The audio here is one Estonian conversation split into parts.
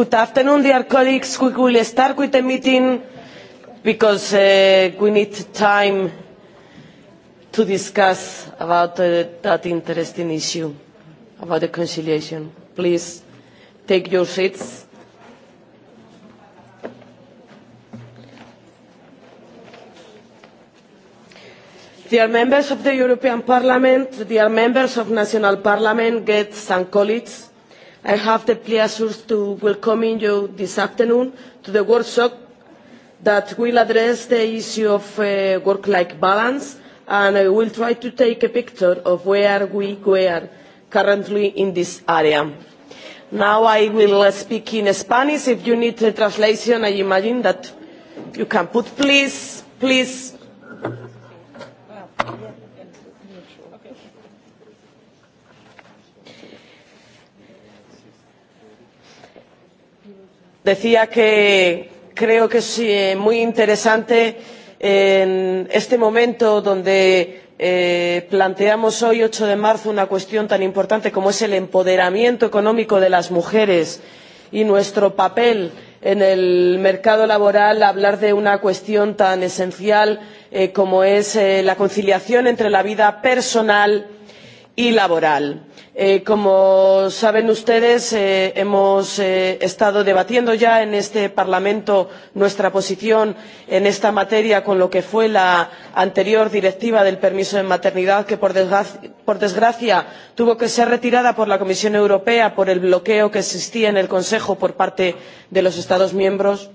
Good afternoon, dear colleagues. We will start with the meeting because uh, we need time to discuss about uh, that interesting issue about the conciliation. Please take your seats. Dear members of the European Parliament, dear members of national parliament, guests and colleagues, I have the pleasure to welcome you this afternoon to the workshop that will address the issue of uh, work-life balance and I will try to take a picture of where we were currently in this area. Now I will uh, speak in Spanish. If you need a translation, I imagine that you can put please, please. decía que creo que es eh, muy interesante en este momento donde eh, planteamos hoy ocho de marzo una cuestión tan importante como es el empoderamiento económico de las mujeres y nuestro papel en el mercado laboral hablar de una cuestión tan esencial eh, como es eh, la conciliación entre la vida personal y y laboral. Eh, como saben ustedes eh, hemos eh, estado debatiendo ya en este parlamento nuestra posición en esta materia con lo que fue la anterior directiva del permiso de maternidad que por desgracia, por desgracia tuvo que ser retirada por la comisión europea por el bloqueo que existía en el consejo por parte de los estados miembros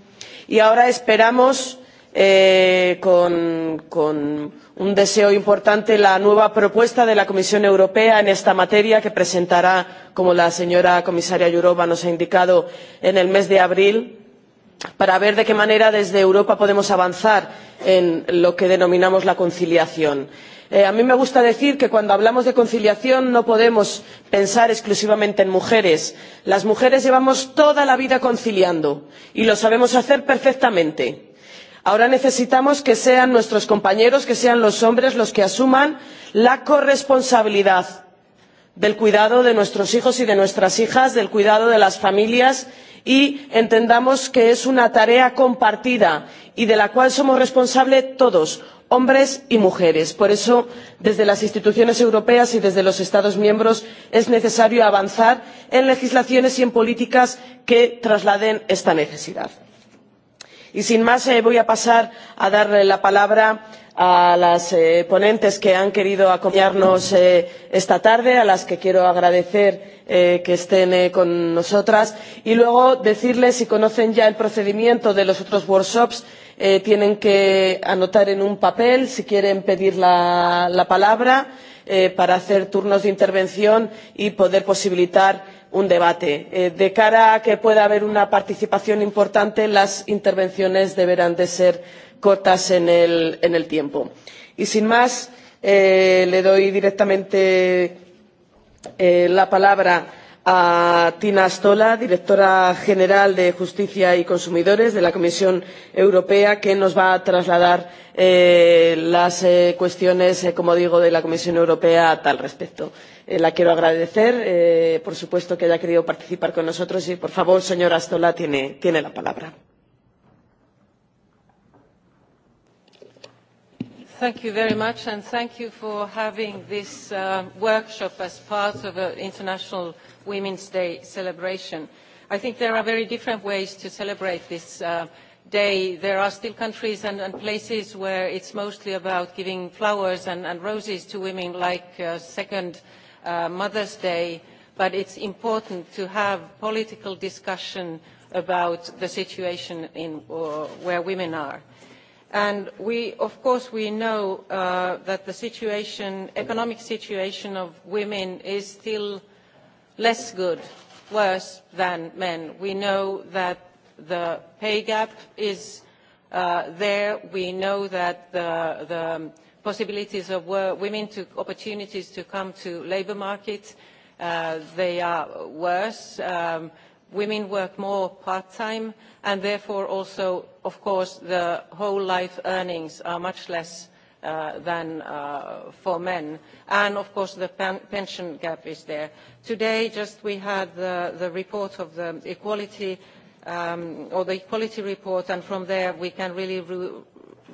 y ahora esperamos eh, con, con un deseo importante la nueva propuesta de la Comisión Europea en esta materia que presentará, como la señora comisaria Jourová nos ha indicado, en el mes de abril para ver de qué manera desde Europa podemos avanzar en lo que denominamos la conciliación. Eh, a mí me gusta decir que cuando hablamos de conciliación no podemos pensar exclusivamente en mujeres. Las mujeres llevamos toda la vida conciliando y lo sabemos hacer perfectamente ahora necesitamos que sean nuestros compañeros que sean los hombres los que asuman la corresponsabilidad del cuidado de nuestros hijos y de nuestras hijas del cuidado de las familias y entendamos que es una tarea compartida y de la cual somos responsables todos hombres y mujeres. por eso desde las instituciones europeas y desde los estados miembros es necesario avanzar en legislaciones y en políticas que trasladen esta necesidad y sin más eh, voy a pasar a dar la palabra a las eh, ponentes que han querido acompañarnos eh, esta tarde a las que quiero agradecer eh, que estén eh, con nosotras y luego decirles si conocen ya el procedimiento de los otros workshops eh, tienen que anotar en un papel si quieren pedir la, la palabra eh, para hacer turnos de intervención y poder posibilitar un debate. Eh, de cara a que pueda haber una participación importante, las intervenciones deberán de ser cortas en el, en el tiempo. Y sin más, eh, le doy directamente eh, la palabra a Tina Stola, directora general de Justicia y Consumidores de la Comisión Europea, que nos va a trasladar eh, las eh, cuestiones, eh, como digo, de la Comisión Europea a tal respecto. Eh, la quiero agradecer, eh, por supuesto, que haya querido participar con nosotros y, por favor, señora Stola, tiene, tiene la palabra. Thank you very much, and thank you for having this uh, workshop as part of an International Women's Day celebration. I think there are very different ways to celebrate this uh, day. There are still countries and, and places where it's mostly about giving flowers and, and roses to women, like uh, Second uh, Mother's Day, but it's important to have political discussion about the situation in, or uh, where women are. And we, of course, we know uh, that the situation, economic situation of women is still less good, worse than men. We know that the pay gap is uh, there. We know that the, the possibilities of women to opportunities to come to labour market, uh, they are worse. Um, women work more part-time and therefore also, of course, the whole life earnings are much less uh, than uh, for men. And of course, the pen pension gap is there. Today, just we had the, the report of the equality um, or the equality report, and from there we can really re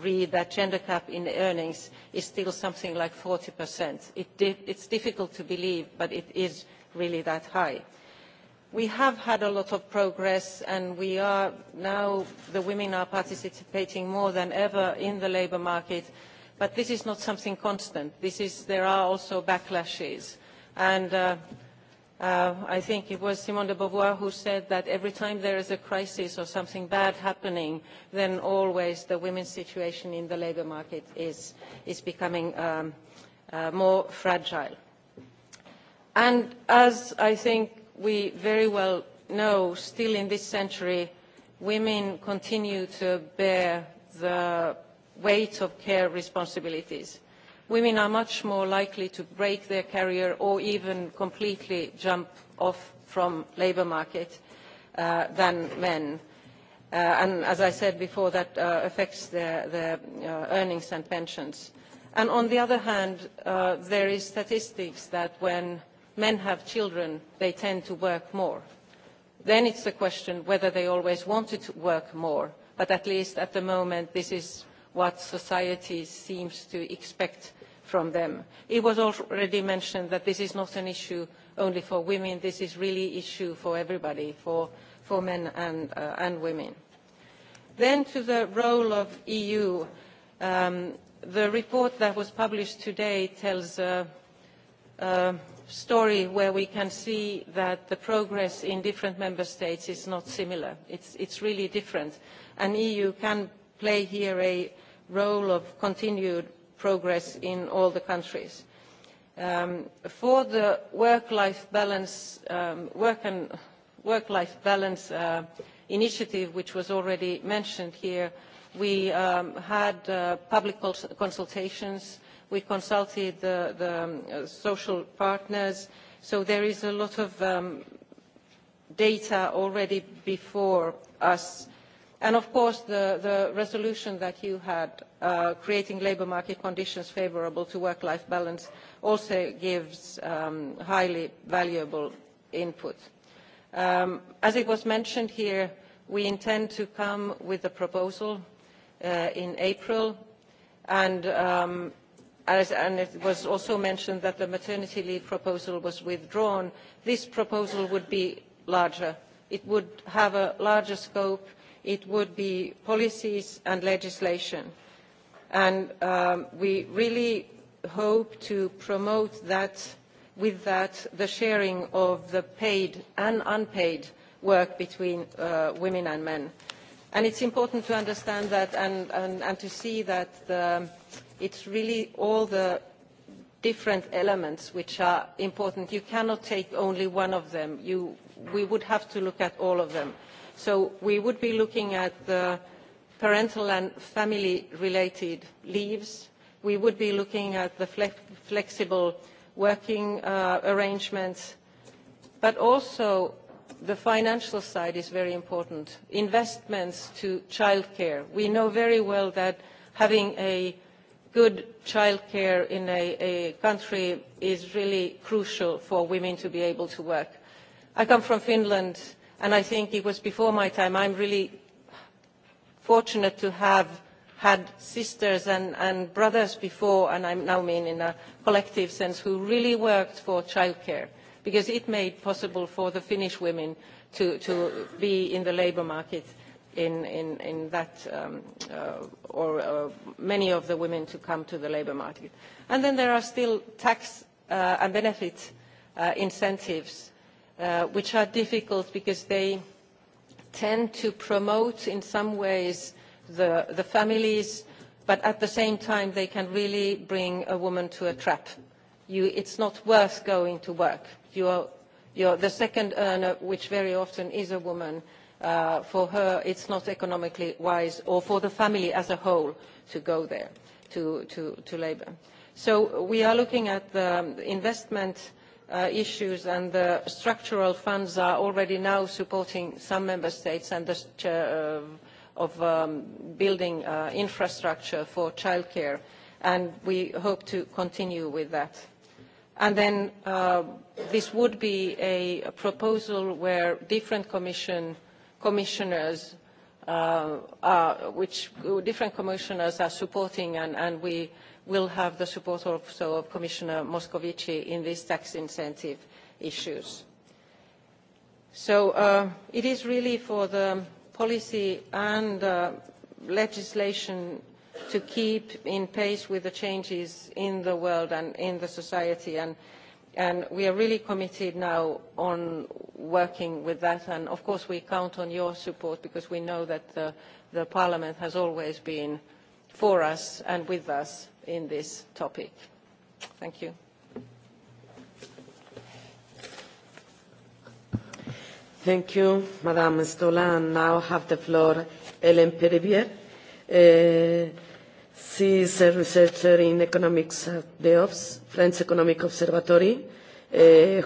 read that gender gap in earnings is still something like 40%. It di it's difficult to believe, but it is really that high. Uh, we have had a lot of progress and we are now the women are participating more than ever in the labour market but this is not something constant this is there are also backlashes and uh, uh, I think it was Simone de Beauvoir who said that every time there is a crisis or something bad happening, then always the women's situation in the labour market is, is becoming um, uh, more fragile. And as I think we very well know, still in this century, women continue to bear the weight of care responsibilities. Women are much more likely to break their career or even completely jump off from labour market uh, than men. Uh, and as I said before, that uh, affects their, their uh, earnings and pensions. And on the other hand, uh, there is statistics that when men have children, they tend to work more. Then it's the question whether they always wanted to work more, but at least at the moment this is what society seems to expect from them. It was already mentioned that this is not an issue only for women, this is really issue for everybody, for, for men and, uh, and women. Then to the role of EU, um, the report that was published today tells uh, uh, story where we can see that the progress in different member states is not similar. It's, it's really different. And EU can play here a role of continued progress in all the countries. Um, for the work-life balance, um, work and work-life balance uh, initiative, which was already mentioned here, we um, had uh, public consultations uh, We consulted the, the uh, social partners. So there is a lot of um, data already before us. And of course, the, the resolution that you had, uh, creating labour market conditions favourable to work-life balance, also gives um, highly valuable input. Um, as it was mentioned here, we intend to come with a proposal uh, in April, and um, and it was also mentioned that the maternity leave proposal was withdrawn this proposal would be larger it would have a larger scope it would be policies and legislation and um, we really hope to promote that with that the sharing of the paid and unpaid work between uh, women and men and it's important to understand that and, and, and to see that the it's really all the different elements which are important. You cannot take only one of them. You, we would have to look at all of them. So we would be looking at the parental and family-related leaves. We would be looking at the flex flexible working uh, arrangements. But also the financial side is very important. Investments to childcare. We know very well that having a good childcare in a, a country is really crucial for women to be able to work. I come from Finland, and I think it was before my time. I'm really fortunate to have had sisters and, and brothers before, and I now mean in a collective sense, who really worked for childcare because it made possible for the Finnish women to, to be in the labour market in, in, in that um, uh, or uh, many of the women to come to the labour market. And then there are still tax uh, and benefit uh, incentives uh, which are difficult because they tend to promote in some ways the, the families but at the same time they can really bring a woman to a trap. You, it's not worth going to work. You're, you're the second earner, which very often is a woman, uh, uh, for her it's not economically wise or for the family as a whole to go there, to, to, to labour. So we are looking at the investment uh, issues and the structural funds are already now supporting some member states and the, uh, of um, building uh, infrastructure for childcare and we hope to continue with that. And then uh, this would be a proposal where different commission uh, commissioners uh, are, which different commissioners are supporting and, and we will have the support also of Commissioner Moscovici in these tax incentive issues. So uh, it is really for the policy and uh, legislation to keep in pace with the changes in the world and in the society and uh, and we are really committed now on working with that and of course we count on your support because we know that the, the parliament has always been for us and with us in this topic. Thank you. Thank you, Madame Stola. And now have the floor Hélène Périvière, uh, She is a researcher in economics at uh, the OBS, French Economic Observatory, uh,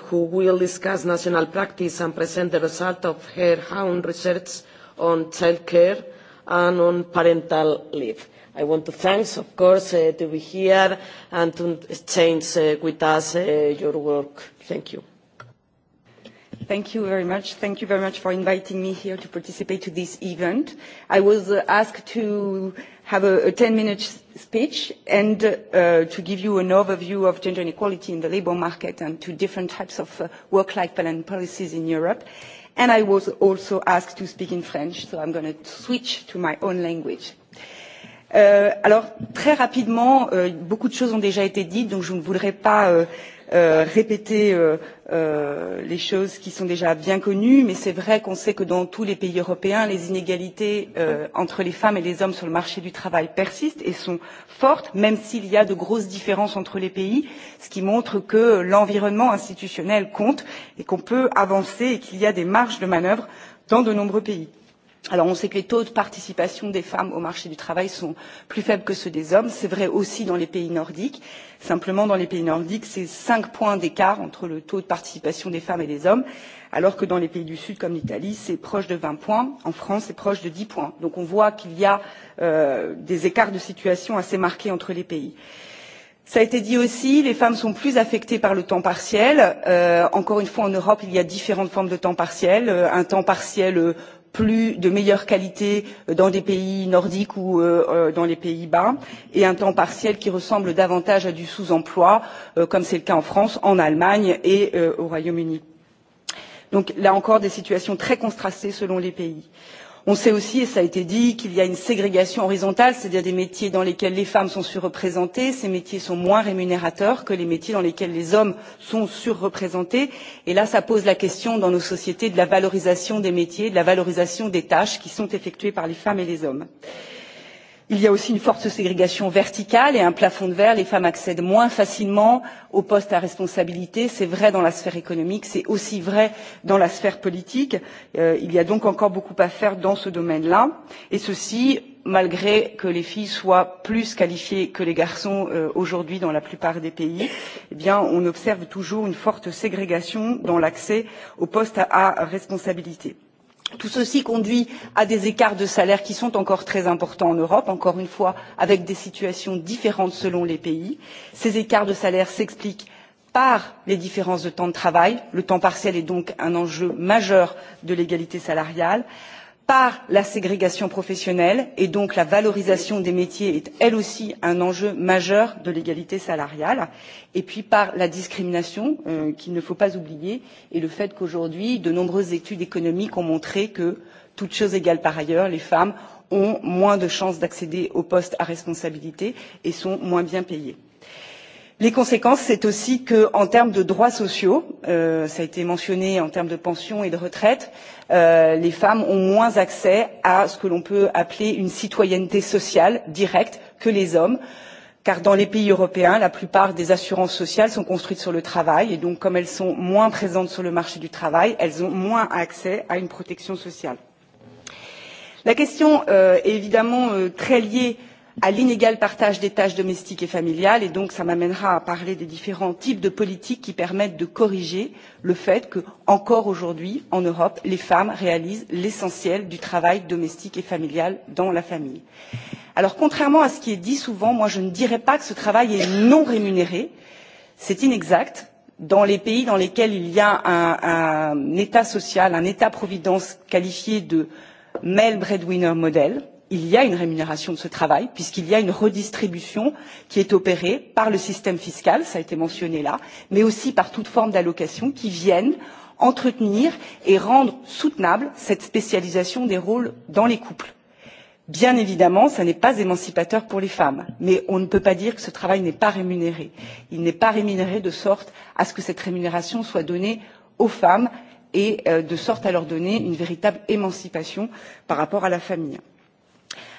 who will discuss national practice and present the result of her own research on childcare and on parental leave. I want to thank, of course, uh, to be here and to exchange uh, with us uh, your work. Thank you. Thank you very much. Thank you very much for inviting me here to participate to this event. I was uh, asked to uh, have a, a 10 minute speech and uh, to give you an overview of gender inequality in the labour market and to different types of uh, work life balance policies in Europe. And I was also asked to speak in French, so I'm going to switch to my own language. Euh, alors, très rapidement, euh, beaucoup de choses ont déjà été dites, donc je ne voudrais pas euh, euh, répéter euh, euh, les choses qui sont déjà bien connues, mais c'est vrai qu'on sait que dans tous les pays européens, les inégalités euh, entre les femmes et les hommes sur le marché du travail persistent et sont fortes, même s'il y a de grosses différences entre les pays, ce qui montre que l'environnement institutionnel compte et qu'on peut avancer et qu'il y a des marges de manœuvre dans de nombreux pays. Alors on sait que les taux de participation des femmes au marché du travail sont plus faibles que ceux des hommes. C'est vrai aussi dans les pays nordiques. Simplement, dans les pays nordiques, c'est 5 points d'écart entre le taux de participation des femmes et des hommes, alors que dans les pays du Sud, comme l'Italie, c'est proche de 20 points. En France, c'est proche de 10 points. Donc on voit qu'il y a euh, des écarts de situation assez marqués entre les pays. Ça a été dit aussi, les femmes sont plus affectées par le temps partiel. Euh, encore une fois, en Europe, il y a différentes formes de temps partiel. Euh, un temps partiel euh, plus de meilleure qualité euh, dans des pays nordiques ou euh, euh, dans les pays bas et un temps partiel qui ressemble davantage à du sous emploi comme c'est le cas en france en allemagne et au royaume uni. donc là encore des situations très contrastées selon les pays on sait aussi et cela a été dit qu'il y a une ségrégation horizontale c'est à dire des métiers dans lesquels les femmes sont surreprésentées ces métiers sont moins rémunérateurs que les métiers dans lesquels les hommes sont surreprésentés et là ça pose la question dans nos sociétés de la valorisation des métiers de la valorisation des tâches qui sont effectuées par les femmes et les hommes. il il y a aussi une forte ségrégation verticale et un plafond de verre les femmes accèdent moins facilement aux postes à responsabilité c'est vrai dans la sphère économique c'est aussi vrai dans la sphère politique euh, il y a donc encore beaucoup à faire dans ce domaine là et ceci malgré que les filles soient plus qualifiées que les garçons euh, aujourd'hui dans la plupart des pays eh bien on observe toujours une forte ségrégation dans l'accès aux postes à, à responsabilité Tout ceci conduit à des écarts de salaire qui sont encore très importants en Europe, encore une fois avec des situations différentes selon les pays. Ces écarts de salaire s'expliquent par les différences de temps de travail. Le temps partiel est donc un enjeu majeur de l'égalité salariale. Euh, par la ségrégation professionnelle et donc la valorisation des métiers est elle aussi un enjeu majeur de l'égalité salariale et puis par la discrimination euh, qu'il ne faut pas oublier et le fait qu'aujourd'hui de nombreuses études économiques ont montré que toutes choses égales par ailleurs les femmes ont moins de chances d'accéder aux postes à responsabilité et sont moins bien payées les conséquences c'est aussi que en termes de droits sociaux euh, ça a été mentionné en termes de pensions et de retraites euh, les femmes ont moins accès à ce que l'on peut appeler une citoyenneté sociale directe que les hommes car dans les pays européens la plupart des assurances sociales sont construites sur le travail et donc comme elles sont moins présentes sur le marché du travail elles ont moins accès à une protection sociale. la question euh, est évidemment euh, très liée euh, à l'inégal partage des tâches domestiques et familiales et donc ça m'amènera à parler des différents types de politiques qui permettent de corriger le fait que encore aujourd'hui en europe les femmes réalisent l'essentiel du travail domestique et familial dans la famille. alors contrairement à ce qui est dit souvent moi je ne dirais pas que ce travail est non rémunéré c'est inexact dans les pays dans lesquels il y a un, un état social un état providence qualifié de male breadwinner model il y a une rémunération de ce travail puisqu'il y a une redistribution qui est opérée par le système fiscal cela a été mentionné là mais aussi par toute forme d'allocation qui viennent entretenir et rendre soutenable cette spécialisation des rôles dans les couples. bien évidemment ce n'est pas émancipateur pour les femmes mais on ne peut pas dire que ce travail n'est pas rémunéré. il n'est pas rémunéré de sorte à ce que cette rémunération soit donnée aux femmes et euh, de sorte à leur donner une véritable émancipation par rapport à la famille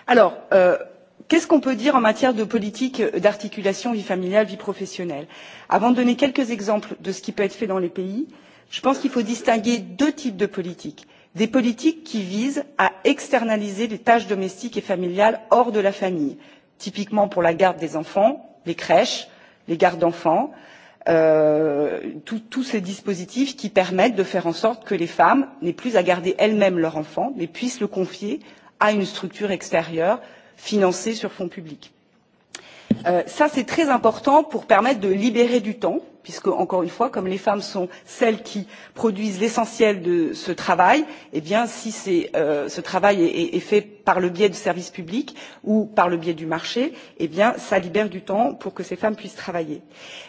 alors euh, qu'est ce qu'on peut dire en matière de politique euh, d'articulation vie familiale vie professionnelle? avant de donner quelques exemples de ce qui peut être fait dans les pays je pense qu'il faut distinguer deux types de politiques des politiques qui visent à externaliser les tâches domestiques et familiales hors de la famille typiquement pour la garde des enfants les crèches les gardes d'enfants euh, tous ces dispositifs qui permettent de faire en sorte que les femmes n'aient plus à garder elles mêmes leur enfant mais puissent le confier à une structure extérieure financée sur fonds publics. Euh, ça, c'est très important pour permettre de libérer du temps, puisque, encore une fois, comme les femmes sont celles qui produisent l'essentiel de ce travail, eh bien, si euh, ce travail est, est, est fait par le biais du service public ou par le biais du marché, eh bien, ça libère du temps pour que ces femmes puissent travailler.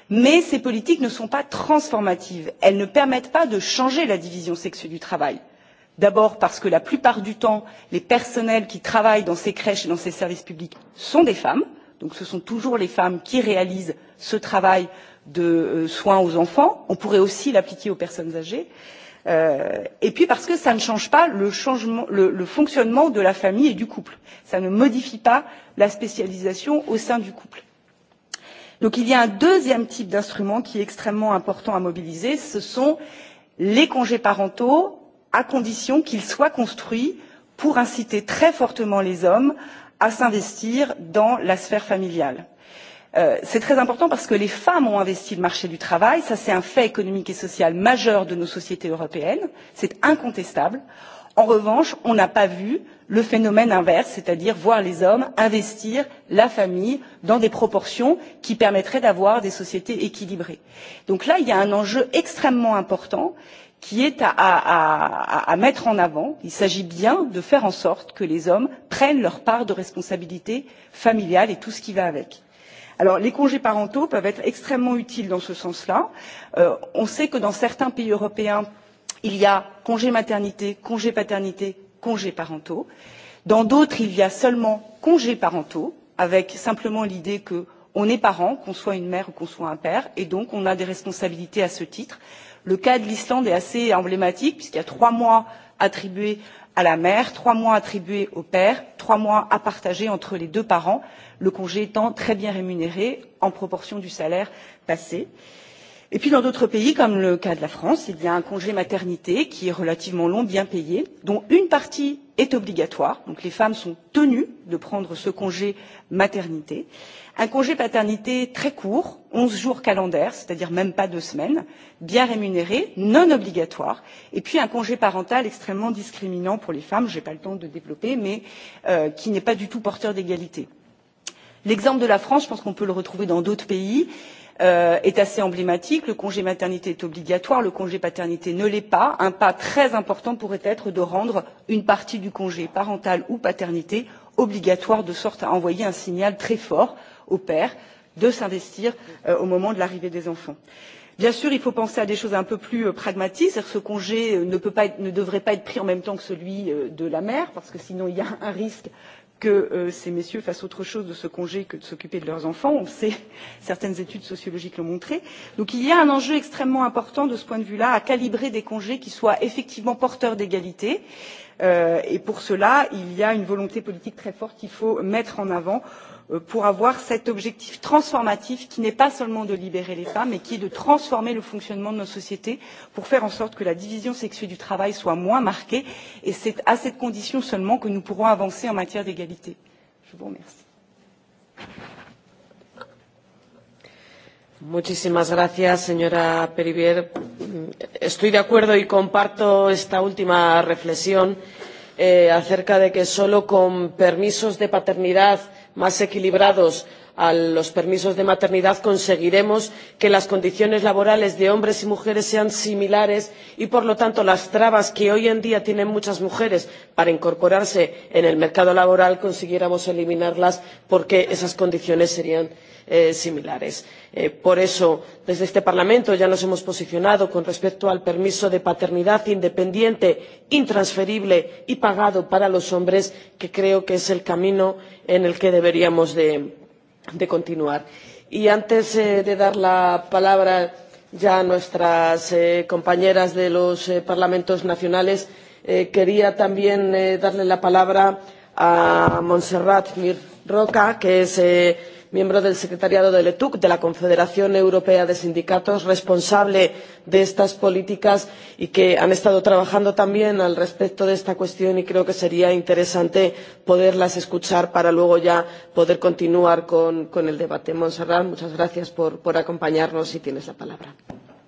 Mais ces politiques ne sont pas transformatives. Elles ne permettent pas de changer la division sexuée du travail. Euh, d'abord parce que la plupart du temps les personnels qui travaillent dans ces crèches et dans ces services publics sont des femmes donc ce sont toujours les femmes qui réalisent ce travail de euh, soins aux enfants on pourrait aussi l'appliquer aux personnes âgées euh, et puis parce que ça ne change pas le, changement, le, le fonctionnement de la famille et du couple ça ne modifie pas la spécialisation au sein du couple. Donc il y a un deuxième type d'instrument qui est extrêmement important à mobiliser, ce sont les congés parentaux à condition qu'il soit construit pour inciter très fortement les hommes à s'investir dans la sphère familiale. Euh, c'est très important parce que les femmes ont investi le marché du travail, ça c'est un fait économique et social majeur de nos sociétés européennes, c'est incontestable. En revanche, on n'a pas vu le phénomène inverse, c'est-à-dire voir les hommes investir la famille dans des proportions qui permettraient d'avoir des sociétés équilibrées. Donc là, il y a un enjeu extrêmement important qui est à, à, à, à mettre en avant. Il s'agit bien de faire en sorte que les hommes prennent leur part de responsabilité familiale et tout ce qui va avec. Alors, les congés parentaux peuvent être extrêmement utiles dans ce sens-là. Euh, on sait que dans certains pays européens, il y a congé maternité, congé paternité, congés parentaux. Dans d'autres, il y a seulement congés parentaux, avec simplement l'idée qu'on est parent, qu'on soit une mère ou qu'on soit un père, et donc on a des responsabilités à ce titre. Euh, le cas de l'islande est assez emblématique puisqu'il y a trois mois attribués à la mère trois mois attribués au père trois mois à partager entre les deux parents le congé étant très bien rémunéré en proportion du salaire passé. il et puis dans d'autres pays comme le cas de la france il y a un congé maternité qui est relativement long bien payé dont une partie est obligatoire donc les femmes sont tenues de prendre ce congé maternité un congé paternité très court onze jours calendaires c'est à dire même pas deux semaines bien rémunéré non obligatoire et puis un congé parental extrêmement discriminant pour les femmes je n'ai pas le temps de développer mais euh, qui n'est pas du tout porteur d'égalité. l'exemple de la france je pense qu'on peut le retrouver dans d'autres pays euh, est assez emblématique. Le congé maternité est obligatoire, le congé paternité ne l'est pas. Un pas très important pourrait être de rendre une partie du congé parental ou paternité obligatoire de sorte à envoyer un signal très fort aux pères de s'investir euh, au moment de l'arrivée des enfants. Bien sûr, il faut penser à des choses un peu plus euh, pragmatiques, c'est-à-dire que ce congé euh, ne, peut pas être, ne devrait pas être pris en même temps que celui euh, de la mère, parce que sinon il y a un risque que euh, ces messieurs fassent autre chose de ce congé que de s'occuper de leurs enfants. On sait, certaines études sociologiques l'ont montré. Donc il y a un enjeu extrêmement important de ce point de vue-là à calibrer des congés qui soient effectivement porteurs d'égalité. Euh, et pour cela, il y a une volonté politique très forte qu'il faut mettre en avant. Euh, Euh, pour avoir cet objectif transformatif qui n'est pas seulement de libérer les femmes mais qui est de transformer le fonctionnement de nos sociétés pour faire en sorte que la division sexuée du travail soit moins marquée et c'est à cette condition seulement que nous pourrons avancer en matière d'égalité. Je vous remercie. Muchísimas gracias, señora Perivier. Estoy de acuerdo y comparto esta última reflexión eh, acerca de que solo con permisos de paternidad más equilibrados a los permisos de maternidad conseguiremos que las condiciones laborales de hombres y mujeres sean similares y por lo tanto las trabas que hoy en día tienen muchas mujeres para incorporarse al mercado laboral consiguiéramos eliminarlas porque esas condiciones serían eh, similares. Eh, por eso desde este parlamento ya nos hemos posicionado con respecto al permiso de paternidad independiente intransferible y pagado para los hombres que creo que es el camino en el que deberíamos de de continuar. Y antes eh, de dar la palabra ya a nuestras eh, compañeras de los eh, parlamentos nacionales, eh, quería también eh, darle la palabra a Montserrat Mir Roca, que es eh, miembro del secretariado de letuc de la confederación europea de sindicatos responsable de estas políticas y que han estado trabajando también al respecto de esta cuestión y creo que sería interesante poderlas escuchar para luego ya poder continuar con, con el debate. montserrat muchas gracias por, por acompañarnos y tienes la palabra.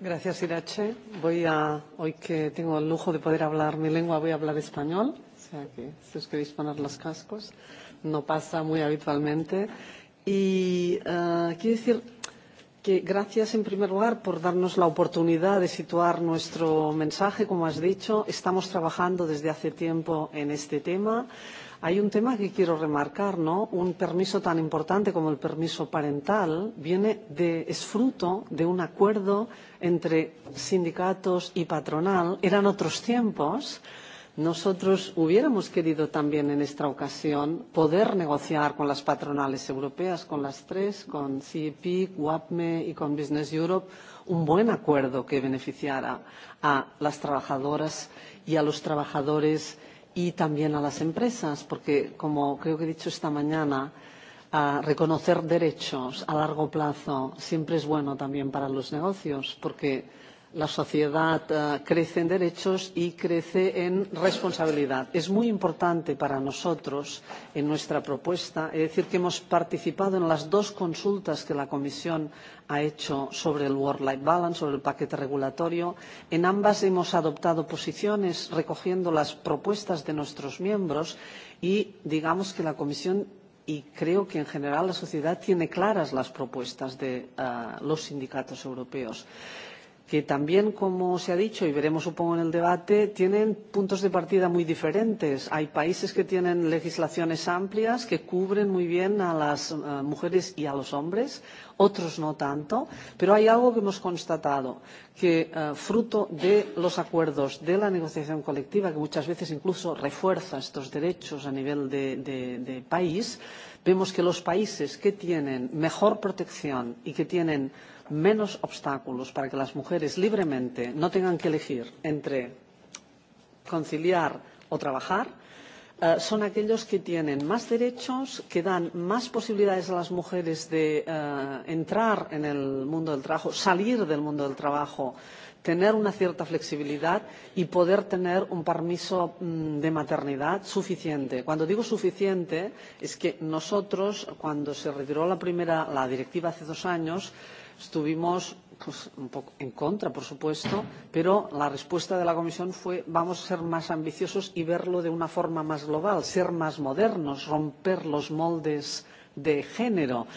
Gracias, Irache. Voy a, hoy que tengo el lujo de poder hablar mi lengua, voy a hablar español, o sea que si os queréis poner los cascos, no pasa muy habitualmente. Y uh, quiero decir que gracias en primer lugar por darnos la oportunidad de situar nuestro mensaje. Como has dicho, estamos trabajando desde hace tiempo en este tema. Hay un tema que quiero remarcar, ¿no? Un permiso tan importante como el permiso parental viene de, es fruto de un acuerdo entre sindicatos y patronal. Eran otros tiempos. Uh, nosotros hubiéramos querido también en esta ocasión poder negociar con las patronales europeas, con las tres, con CEP, WAPME y con Business Europe, un buen acuerdo que beneficiara a las trabajadoras y a los trabajadores y también a las empresas, porque, como creo que he dicho esta mañana, a reconocer derechos a largo plazo siempre es bueno también para los negocios, porque la sociedad uh, crece en derechos y crece en responsabilidad. Es muy importante para nosotros, en nuestra propuesta, es decir, que hemos participado en las dos consultas que la Comisión ha hecho sobre el Work-Life Balance, sobre el paquete regulatorio. En ambas hemos adoptado posiciones recogiendo las propuestas de nuestros miembros y digamos que la Comisión y creo que en general la sociedad tiene claras las propuestas de uh, los sindicatos europeos que también, como se ha dicho y veremos supongo en el debate, tienen puntos de partida muy diferentes. Hay países que tienen legislaciones amplias que cubren muy bien a las uh, mujeres y a los hombres, otros no tanto, pero hay algo que hemos constatado, que uh, fruto de los acuerdos de la negociación colectiva, que muchas veces incluso refuerza estos derechos a nivel de, de, de país, vemos que los países que tienen mejor protección y que tienen uh, menos obstáculos para que las mujeres libremente no tengan que elegir entre conciliar o trabajar eh, son aquellos que tienen más derechos, que dan más posibilidades a las mujeres de eh, entrar en el mundo del trabajo, salir del mundo del trabajo, tener una cierta flexibilidad y poder tener un permiso mm, de maternidad suficiente. Cuando digo suficiente es que nosotros, cuando se retiró la primera la directiva hace dos años, eh, estuvimos pues, un poco en contra, por supuesto, pero la respuesta de la Comisión fue vamos a ser más ambiciosos y verlo de una forma más global, ser más modernos, romper los moldes de género.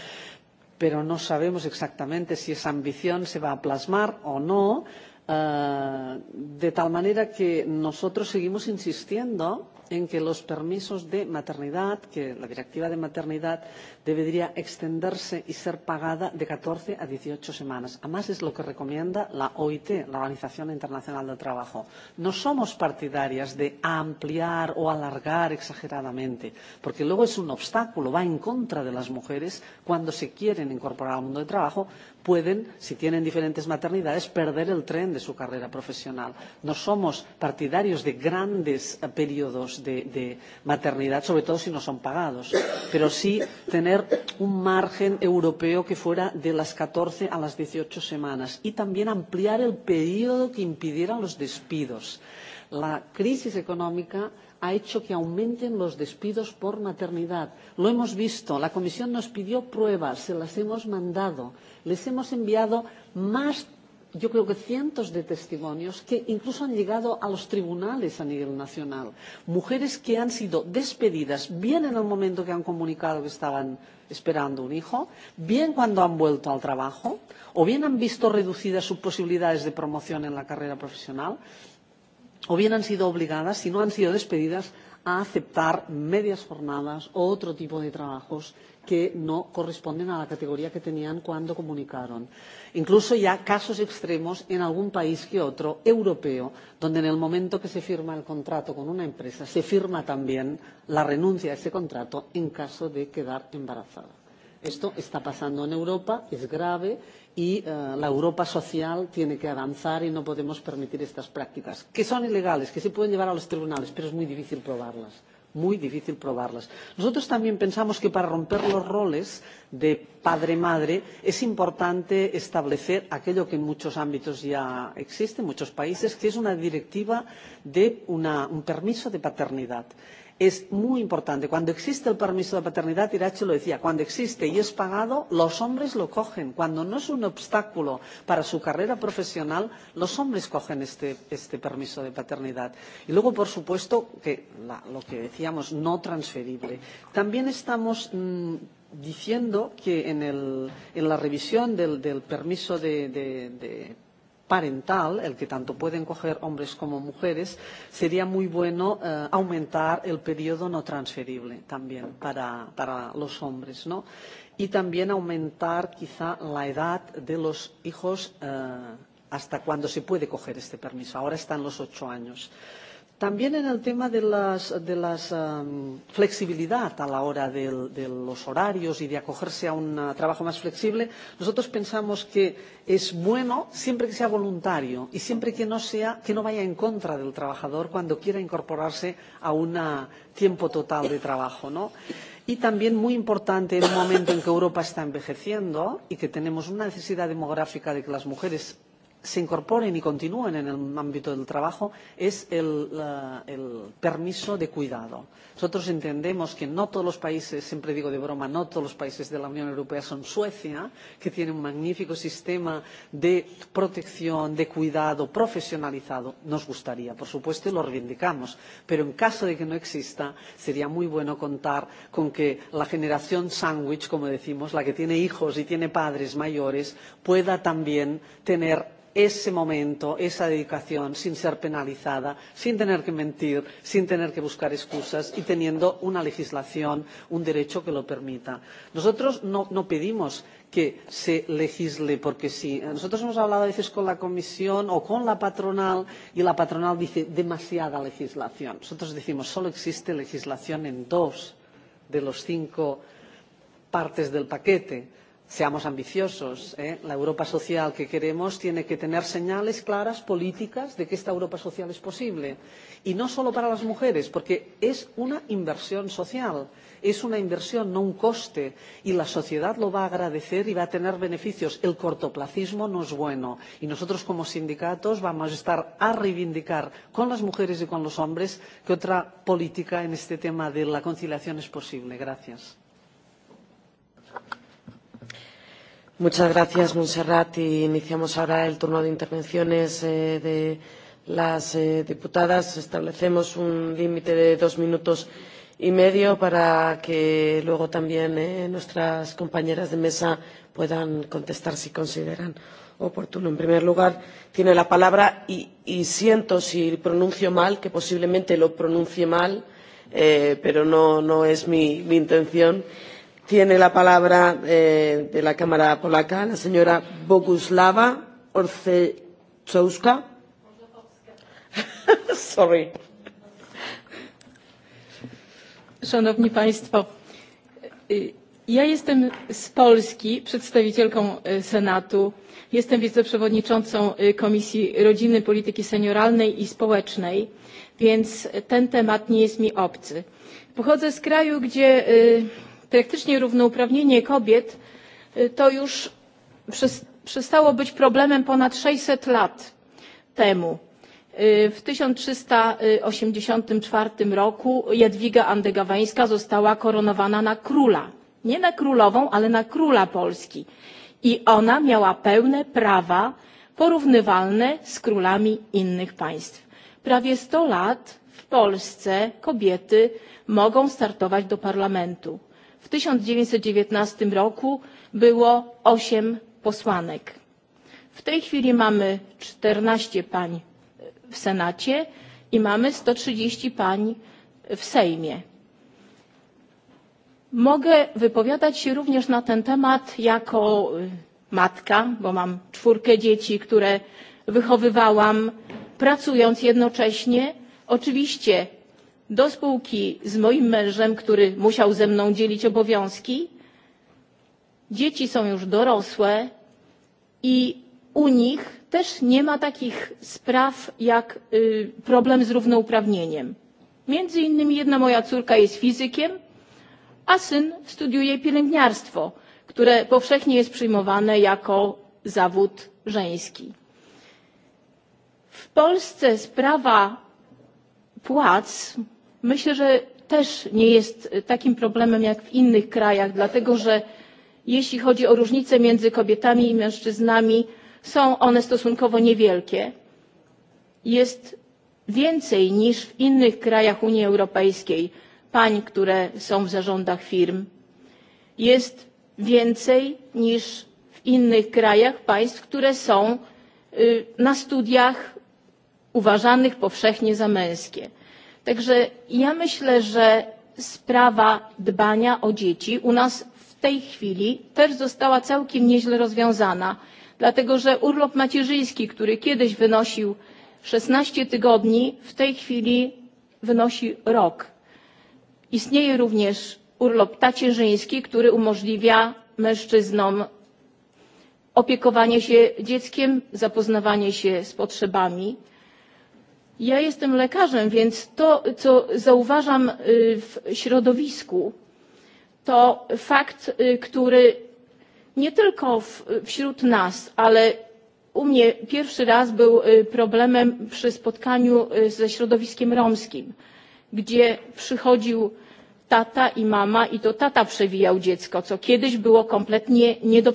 Pero no sabemos exactamente si esa ambición se va a plasmar o no, eh, de tal manera que nosotros seguimos insistiendo en que los permisos de maternidad, que la directiva de maternidad debería extenderse y ser pagada de 14 a 18 semanas. Además, es lo que recomienda la OIT, la Organización Internacional del Trabajo. No somos partidarias de ampliar o alargar exageradamente, porque luego es un obstáculo, va en contra de las mujeres cuando se quieren incorporar al mundo del trabajo, pueden, si tienen diferentes maternidades, perder el tren de su carrera profesional. No somos partidarios de grandes eh, periodos permisos de, de maternidad, sobre todo si no son pagados, pero sí tener un margen europeo que fuera de las 14 a las 18 semanas y también ampliar el periodo que impidiera los despidos. La crisis económica ha hecho que aumenten los despidos por maternidad. Lo hemos visto. La Comisión nos pidió pruebas, se las hemos mandado. Les hemos enviado más yo creo que cientos de testimonios que incluso han llegado a los tribunales a nivel nacional. Mujeres que han sido despedidas, bien en el momento que han comunicado que estaban esperando un hijo, bien cuando han vuelto al trabajo, o bien han visto reducidas sus posibilidades de promoción en la carrera profesional, o bien han sido obligadas, si no han sido despedidas, a aceptar medias jornadas o otro tipo de trabajos que no corresponden a la categoría que tenían cuando comunicaron. Incluso ya casos extremos en algún país que otro europeo, donde en el momento que se firma el contrato con una empresa se firma también la renuncia a ese contrato en caso de quedar embarazada. Esto está pasando en Europa, es grave y uh, la Europa social tiene que avanzar y no podemos permitir estas prácticas, que son ilegales, que se pueden llevar a los tribunales, pero es muy difícil probarlas muy difícil probarlas. Nosotros también pensamos que para romper los roles de padre-madre es importante establecer aquello que en muchos ámbitos ya existe, en muchos países, que es una directiva de una, un permiso de paternidad es muy importante. Cuando existe el permiso de paternidad, Irache lo decía, cuando existe y es pagado, los hombres lo cogen. Cuando no es un obstáculo para su carrera profesional, los hombres cogen este, este permiso de paternidad. Y luego, por supuesto, que la, lo que decíamos, no transferible. También estamos. Mmm, diciendo que en, el, en la revisión del, del permiso de, de, de parental, el que tanto pueden coger hombres como mujeres, sería muy bueno eh, aumentar el periodo no transferible también para, para los hombres, ¿no? Y también aumentar quizá la edad de los hijos eh, hasta cuando se puede coger este permiso. Ahora están los ocho años. Eh, También en el tema de la de las, um, flexibilidad a la hora de, de los horarios y de acogerse a un uh, trabajo más flexible, nosotros pensamos que es bueno siempre que sea voluntario y siempre que no, sea, que no vaya en contra del trabajador cuando quiera incorporarse a un tiempo total de trabajo. ¿no? Y también muy importante en un momento en que Europa está envejeciendo y que tenemos una necesidad demográfica de que las mujeres se incorporen y continúen en el ámbito del trabajo es el, la, el permiso de cuidado. Nosotros entendemos que no todos los países, siempre digo de broma, no todos los países de la Unión Europea son Suecia, que tiene un magnífico sistema de protección, de cuidado profesionalizado. Nos gustaría, por supuesto, y lo reivindicamos. Pero en caso de que no exista, sería muy bueno contar con que la generación sándwich, como decimos, la que tiene hijos y tiene padres mayores, pueda también tener ese momento, esa dedicación, sin ser penalizada, sin tener que mentir, sin tener que buscar excusas y teniendo una legislación, un derecho que lo permita. Nosotros no, no pedimos que se legisle, porque sí. Nosotros hemos hablado a veces con la Comisión o con la patronal y la patronal dice demasiada legislación. Nosotros decimos solo existe legislación en dos de los cinco partes del paquete seamos ambiciosos. ¿eh? La Europa social que queremos tiene que tener señales claras políticas de que esta Europa social es posible. Y no solo para las mujeres, porque es una inversión social, es una inversión, no un coste. Y la sociedad lo va a agradecer y va a tener beneficios. El cortoplacismo no es bueno. Y nosotros como sindicatos vamos a estar a reivindicar con las mujeres y con los hombres que otra política en este tema de la conciliación es posible. Gracias. Muchas gracias, Montserrat. Y iniciamos ahora el turno de intervenciones eh, de las eh, diputadas. Establecemos un límite de dos minutos y medio para que luego también eh, nuestras compañeras de mesa puedan contestar si consideran oportuno. En primer lugar, tiene la palabra y, y siento si pronuncio mal, que posiblemente lo pronuncie mal, eh, pero no, no es mi, mi intención. Eh, tiene la palabra eh, de la Cámara Polaca la señora Boguslava Orzechowska. Sorry. Szanowni Państwo, ja jestem z Polski, przedstawicielką Senatu. Jestem wiceprzewodniczącą Komisji Rodziny, Polityki Senioralnej i Społecznej, więc ten temat nie jest mi obcy. Pochodzę z kraju, gdzie y, praktycznie równouprawnienie kobiet to już przestało być problemem ponad 600 lat temu. W 1384 roku Jadwiga Andegaweńska została koronowana na króla. Nie na królową, ale na króla Polski. I ona miała pełne prawa porównywalne z królami innych państw. Prawie 100 lat w Polsce kobiety mogą startować do parlamentu W 1919 roku było 8 posłanek. W tej chwili mamy 14 pań w Senacie i mamy 130 pań w Sejmie. Mogę wypowiadać się również na ten temat jako matka, bo mam czwórkę dzieci, które wychowywałam, pracując jednocześnie. Oczywiście do spółki z moim mężem, który musiał ze mną dzielić obowiązki. Dzieci są już dorosłe i u nich też nie ma takich spraw jak y, problem z równouprawnieniem. Między innymi jedna moja córka jest fizykiem, a syn studiuje pielęgniarstwo, które powszechnie jest przyjmowane jako zawód żeński. W Polsce sprawa płac myślę, że też nie jest takim problemem jak w innych krajach, dlatego że jeśli chodzi o różnice między kobietami i mężczyznami, są one stosunkowo niewielkie. Jest więcej niż w innych krajach Unii Europejskiej pań, które są w zarządach firm. Jest więcej niż w innych krajach państw, które są na studiach uważanych powszechnie za męskie. Także ja myślę, że sprawa dbania o dzieci u nas w tej chwili też została całkiem nieźle rozwiązana, dlatego że urlop macierzyński, który kiedyś wynosił 16 tygodni, w tej chwili wynosi rok. Istnieje również urlop tacierzyński, który umożliwia mężczyznom opiekowanie się dzieckiem, zapoznawanie się z potrzebami Ja jestem lekarzem, więc to, co zauważam w środowisku, to fakt, który nie tylko w, wśród nas, ale u mnie pierwszy raz był problemem przy spotkaniu ze środowiskiem romskim, gdzie przychodził tata i mama i to tata przewijał dziecko, co kiedyś było kompletnie nie do,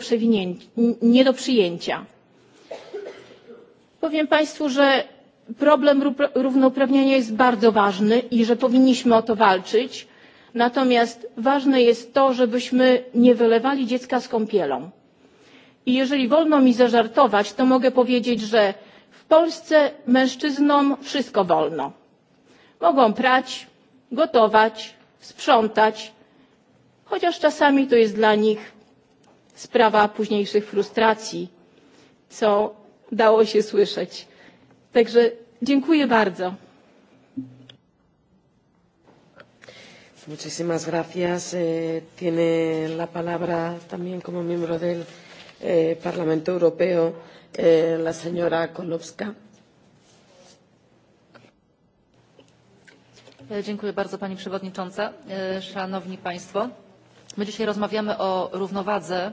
nie do przyjęcia. Powiem Państwu, że problem równouprawnienia jest bardzo ważny i że powinniśmy o to walczyć natomiast ważne jest to żebyśmy nie wylewali dziecka z kąpielą i jeżeli wolno mi zażartować to mogę powiedzieć że w polsce mężczyznom wszystko wolno mogą prać gotować sprzątać chociaż czasami to jest dla nich sprawa późniejszych frustracji co dało się słyszeć Także dziękuję bardzo. Muchísimas gracias. Eh, tiene la palabra también como miembro del eh, Parlamento Europeo eh, la señora Kolowska. E, dziękuję bardzo Pani Przewodnicząca. E, szanowni Państwo, my dzisiaj rozmawiamy o równowadze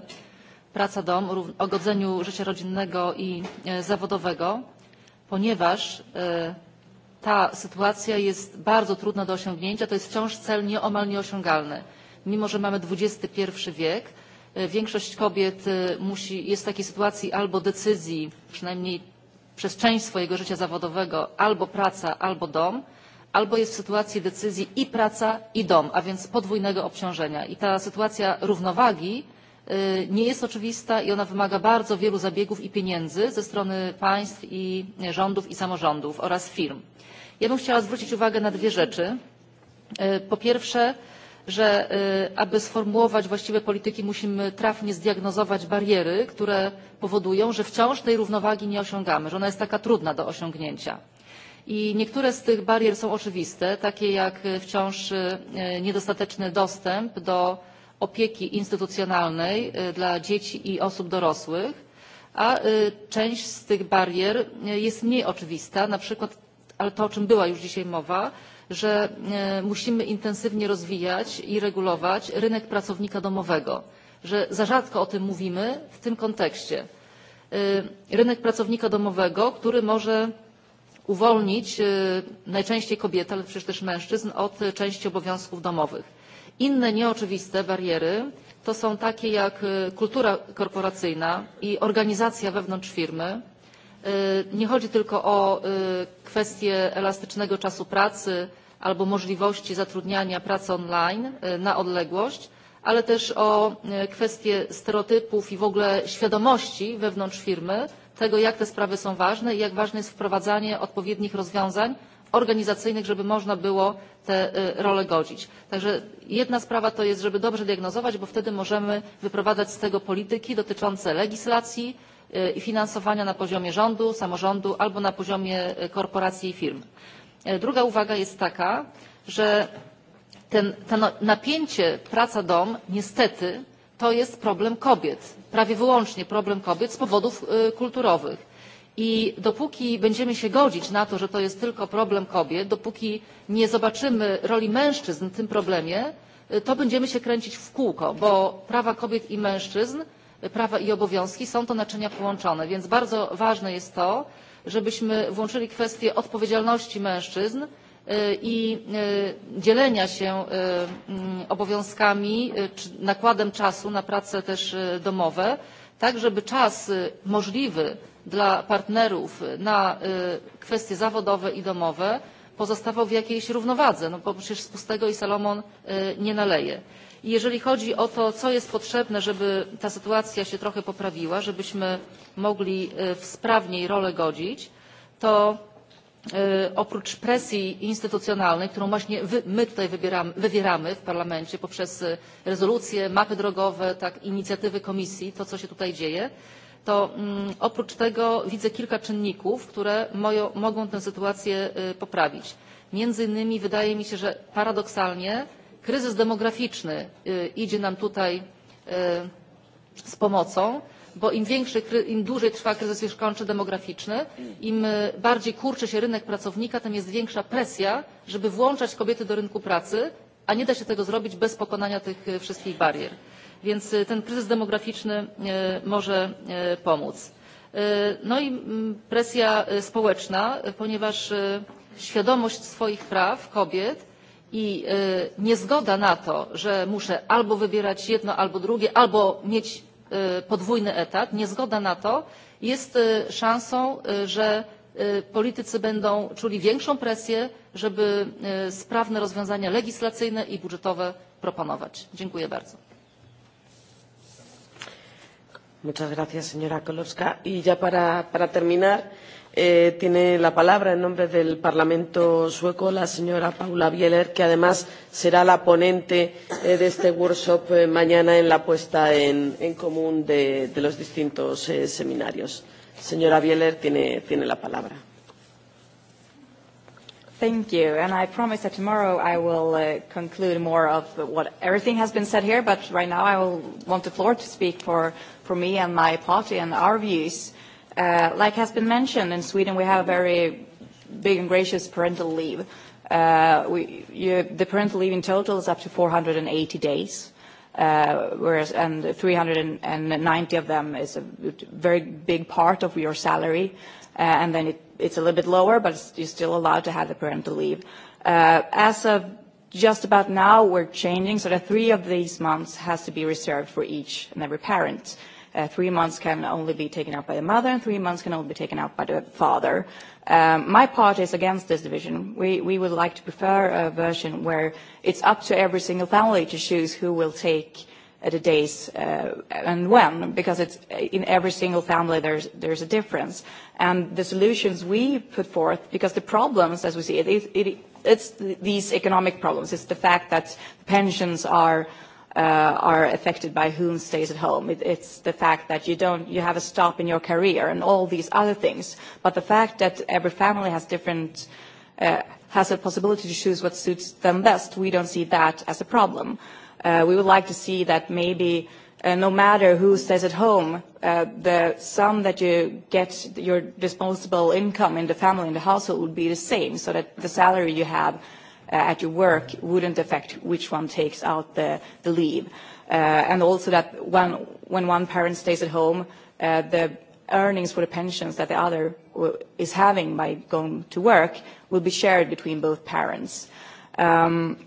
praca-dom, o godzeniu życia rodzinnego i e, zawodowego ponieważ e, ta sytuacja jest bardzo trudna do osiągnięcia to jest wciąż cel nieomal nieosiągalny. mimo że mamy xxi wiek e, większość kobiet e, musi, jest w takiej sytuacji albo decyzji przynajmniej przez część swojego życia zawodowego albo praca albo dom albo jest w sytuacji decyzji i praca i dom a więc podwójnego obciążenia i ta sytuacja równowagi E, nie jest oczywista i ona wymaga bardzo wielu zabiegów i pieniędzy ze strony państw i rządów i samorządów oraz firm. Ja bym chciała zwrócić uwagę na dwie rzeczy. E, po pierwsze, że e, aby sformułować właściwe polityki musimy trafnie zdiagnozować bariery, które powodują, że wciąż tej równowagi nie osiągamy, że ona jest taka trudna do osiągnięcia. I niektóre z tych barier są oczywiste, takie jak wciąż niedostateczny dostęp do opieki instytucjonalnej dla dzieci i osób dorosłych a część z tych barier jest mniej oczywista na przykład ale to o czym była już dzisiaj mowa że musimy intensywnie rozwijać i regulować rynek pracownika domowego że za rzadko o tym mówimy w tym kontekście rynek pracownika domowego który może uwolnić najczęściej kobiety ale przecież też mężczyzn od części obowiązków domowych Inne nieoczywiste bariery to są takie jak kultura korporacyjna i organizacja wewnątrz firmy. Nie chodzi tylko o kwestię elastycznego czasu pracy albo możliwości zatrudniania pracy online na odległość, ale też o kwestię stereotypów i w ogóle świadomości wewnątrz firmy tego, jak te sprawy są ważne i jak ważne jest wprowadzanie odpowiednich rozwiązań organizacyjnych, żeby można było te role godzić. Także jedna sprawa to jest, żeby dobrze diagnozować, bo wtedy możemy wyprowadzać z tego polityki dotyczące legislacji i finansowania na poziomie rządu, samorządu albo na poziomie korporacji i firm. E, druga uwaga jest taka, że ten, to napięcie praca-dom niestety to jest problem kobiet, prawie wyłącznie problem kobiet z powodów kulturowych I dopóki będziemy się godzić na to, że to jest tylko problem kobiet, dopóki nie zobaczymy roli mężczyzn w tym problemie, to będziemy się kręcić w kółko, bo prawa kobiet i mężczyzn, prawa i obowiązki są to naczynia połączone, więc bardzo ważne jest to, żebyśmy włączyli kwestię odpowiedzialności mężczyzn i dzielenia się mm, obowiązkami czy nakładem czasu na prace też domowe, tak żeby czas możliwy dla partnerów na kwestie zawodowe i domowe pozostawał w jakiejś równowadze no bo przecież z pustego i salomon nie naleje. I jeżeli chodzi o to co jest potrzebne żeby ta sytuacja się trochę poprawiła żebyśmy mogli sprawniej role godzić to oprócz presji instytucjonalnej którą właśnie my tutaj wywieramy w parlamencie poprzez rezolucje mapy drogowe inicjatywy komisji to co się tutaj dzieje to mm, oprócz tego widzę kilka czynników które mojo, mogą tę sytuację poprawić. między innymi wydaje mi się że paradoksalnie kryzys demograficzny idzie nam tutaj z pomocą bo im, większy, im dłużej trwa kryzys mieszkańczy demograficzny im bardziej kurczy się rynek pracownika tym jest większa presja żeby włączać kobiety do rynku pracy a nie da się tego zrobić bez pokonania tych wszystkich barier więc e, ten kryzys demograficzny e, może e, pomóc. No i mm, presja społeczna, ponieważ świadomość swoich praw kobiet i niezgoda na to, że muszę albo wybierać jedno, albo drugie, albo mieć podwójny etat, niezgoda na to jest szansą, że politycy będą czuli większą presję, żeby sprawne rozwiązania legislacyjne i budżetowe proponować. Dziękuję bardzo. Muchas gracias, señora Kolowska. Y ya para, para terminar, eh, tiene la palabra en nombre del Parlamento sueco la señora Paula Bieler, que además será la ponente eh, de este workshop eh, mañana en la puesta en, en común de, de los distintos eh, seminarios. Señora Bieler, tiene, tiene la palabra. Thank you. And I promise that tomorrow I will uh, conclude more of what everything has been said here, but right now I will want the floor to speak for, for me and my party and our views. Uh, like has been mentioned, in Sweden we have a very big and gracious parental leave. Uh, we, you, the parental leave in total is up to 480 days, uh, whereas and 390 of them is a very big part of your salary, uh, and then it it's a little bit lower, but you're still allowed to have the parental leave. Uh, as of just about now, we're changing so that three of these months has to be reserved for each and every parent. Uh, three months can only be taken out by the mother, and three months can only be taken out by the father. Um, my part is against this division. We, we would like to prefer a version where it's up to every single family to choose who will take Uh, the days uh, and when, because it's in every single family there's, there's a difference. And the solutions we put forth, because the problems, as we see it, it, it it's these economic problems. It's the fact that pensions are uh, are affected by whom stays at home. It, it's the fact that you don't you have a stop in your career and all these other things. But the fact that every family has different uh, has a possibility to choose what suits them best, we don't see that as a problem. Uh, Uh, we would like to see that maybe uh, no matter who stays at home, uh, the sum that you get your disposable income in the family, in the household would be the same so that the salary you have uh, at your work wouldn't affect which one takes out the, the leave. Uh, and also that when, when one parent stays at home, uh, the earnings for the pensions that the other uh, is having by going to work will be shared between both parents. Um,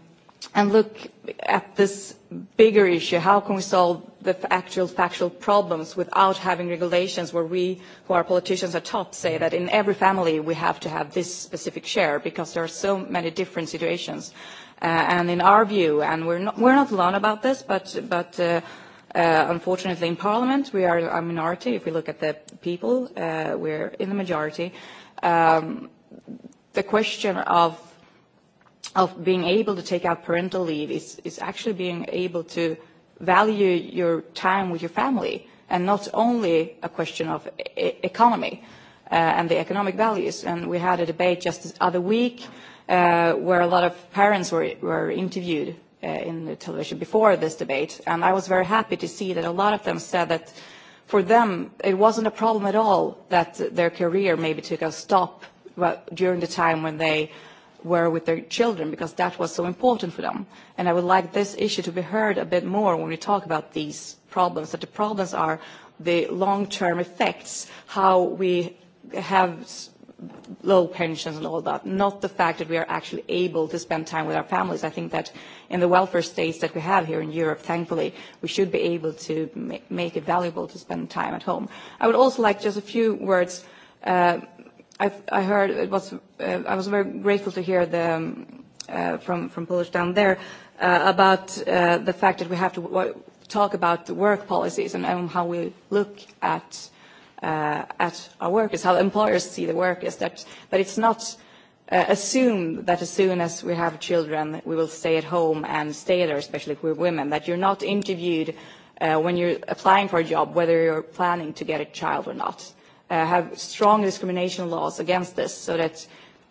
and look at this bigger issue. How can we solve the actual factual problems without having regulations where we, who are politicians at top, say that in every family we have to have this specific share because there are so many different situations. Uh, and in our view, and we're not, we're not alone about this, but, but uh, uh, unfortunately in Parliament we are a minority. If we look at the people, uh, we're in the majority. Um, the question of of being able to take out parental leave is, is actually being able to value your time with your family and not only a question of e economy uh, and the economic values. And we had a debate just this other week uh, where a lot of parents were, were interviewed uh, in the television before this debate. And I was very happy to see that a lot of them said that for them, it wasn't a problem at all that their career maybe took a stop during the time when they uh, were with their children because that was so important for them. And I would like this issue to be heard a bit more when we talk about these problems, that the problems are the long-term effects, how we have low pensions and all that, not the fact that we are actually able to spend time with our families. I think that in the welfare states that we have here in Europe, thankfully, we should be able to make it valuable to spend time at home. I would also like just a few words uh, I've, I heard it was. Uh, I was very grateful to hear the um, uh, from from Polish down there uh, about uh, the fact that we have to w- talk about the work policies and um, how we look at uh, at our workers, how employers see the workers. That that it's not uh, assumed that as soon as we have children, we will stay at home and stay there, especially if we're women. That you're not interviewed uh, when you're applying for a job, whether you're planning to get a child or not uh, have strong discrimination laws against this so that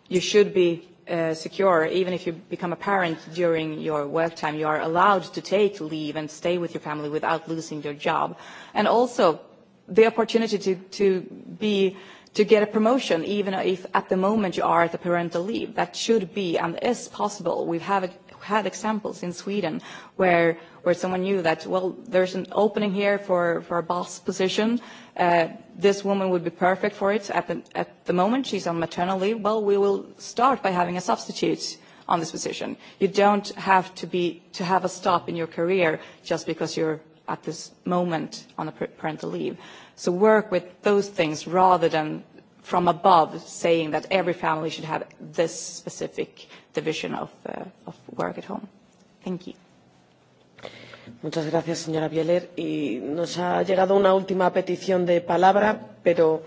you should be uh, secure even if you become a parent during your work time you are allowed to take leave and stay with your family without losing your job and also the opportunity to, to be to get a promotion even if at the moment you are at the parental leave that should be and is possible we have it had examples in Sweden where where someone knew that well there's an opening here for for a boss position Uh, this woman would be perfect for it. At the, at the moment, she's on maternal leave. Well, we will start by having a substitute on this position. You don't have to, be, to have a stop in your career just because you're at this moment on a parental leave. So work with those things rather than from above saying that every family should have this specific division of, uh, of work at home. Thank you. Muchas gracias, señora Bieler. Y nos ha llegado una última petición de palabra, pero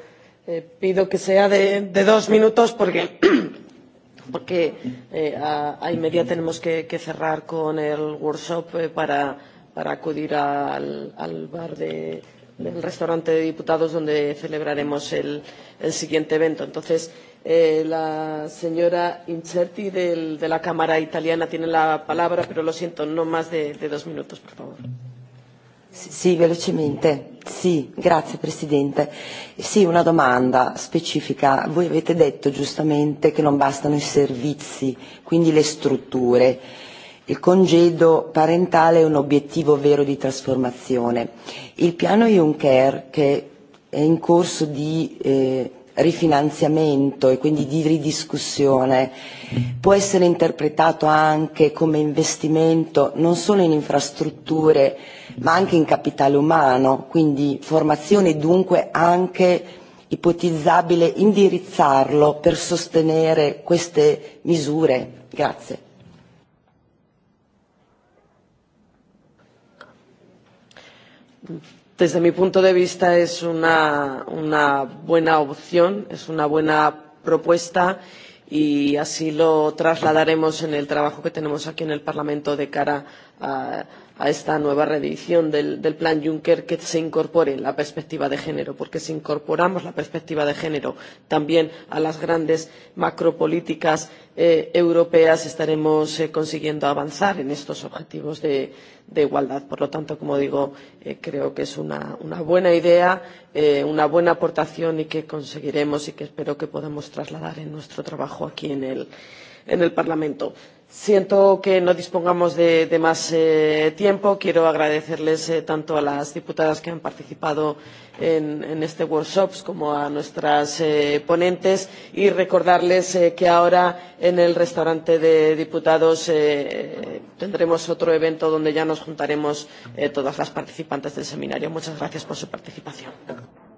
eh, pido que sea de, de dos minutos porque, porque eh, a, a inmedia tenemos que, que cerrar con el workshop eh, para, para acudir al, al bar de, del restaurante de diputados donde celebraremos el, el siguiente evento. Entonces, Eh, la señora Incerti del, de la Cámara Italiana tiene la palabra, pero lo siento, no más de, de dos minutos, por favor. Sì, sì, velocemente. Sì, grazie Presidente. Sì, una domanda specifica. Voi avete detto giustamente che non bastano i servizi, quindi le strutture. Il congedo parentale è un obiettivo vero di trasformazione. Il piano Juncker, che è in corso di eh, rifinanziamento e quindi di ridiscussione può essere interpretato anche come investimento non solo in infrastrutture ma anche in capitale umano, quindi formazione e dunque anche ipotizzabile indirizzarlo per sostenere queste misure? Grazie. Mm desde mi punto de vista es una, una buena opción, es una buena propuesta y así lo trasladaremos en el trabajo que tenemos aquí en el Parlamento de cara a a esta nueva reedición del, del plan Juncker que se incorpore la perspectiva de género, porque si incorporamos la perspectiva de género también a las grandes macropolíticas eh, europeas, estaremos eh, consiguiendo avanzar en estos objetivos de, de igualdad. Por lo tanto, como digo, eh, creo que es una, una buena idea, eh, una buena aportación y que conseguiremos y que espero que podamos trasladar en nuestro trabajo aquí en el, en el Parlamento. Siento que no dispongamos de, de más eh, tiempo. Quiero agradecerles eh, tanto a las diputadas que han participado en, en este workshop como a nuestras eh, ponentes y recordarles eh, que ahora en el restaurante de diputados eh, tendremos otro evento donde ya nos juntaremos eh, todas las participantes del seminario. Muchas gracias por su participación.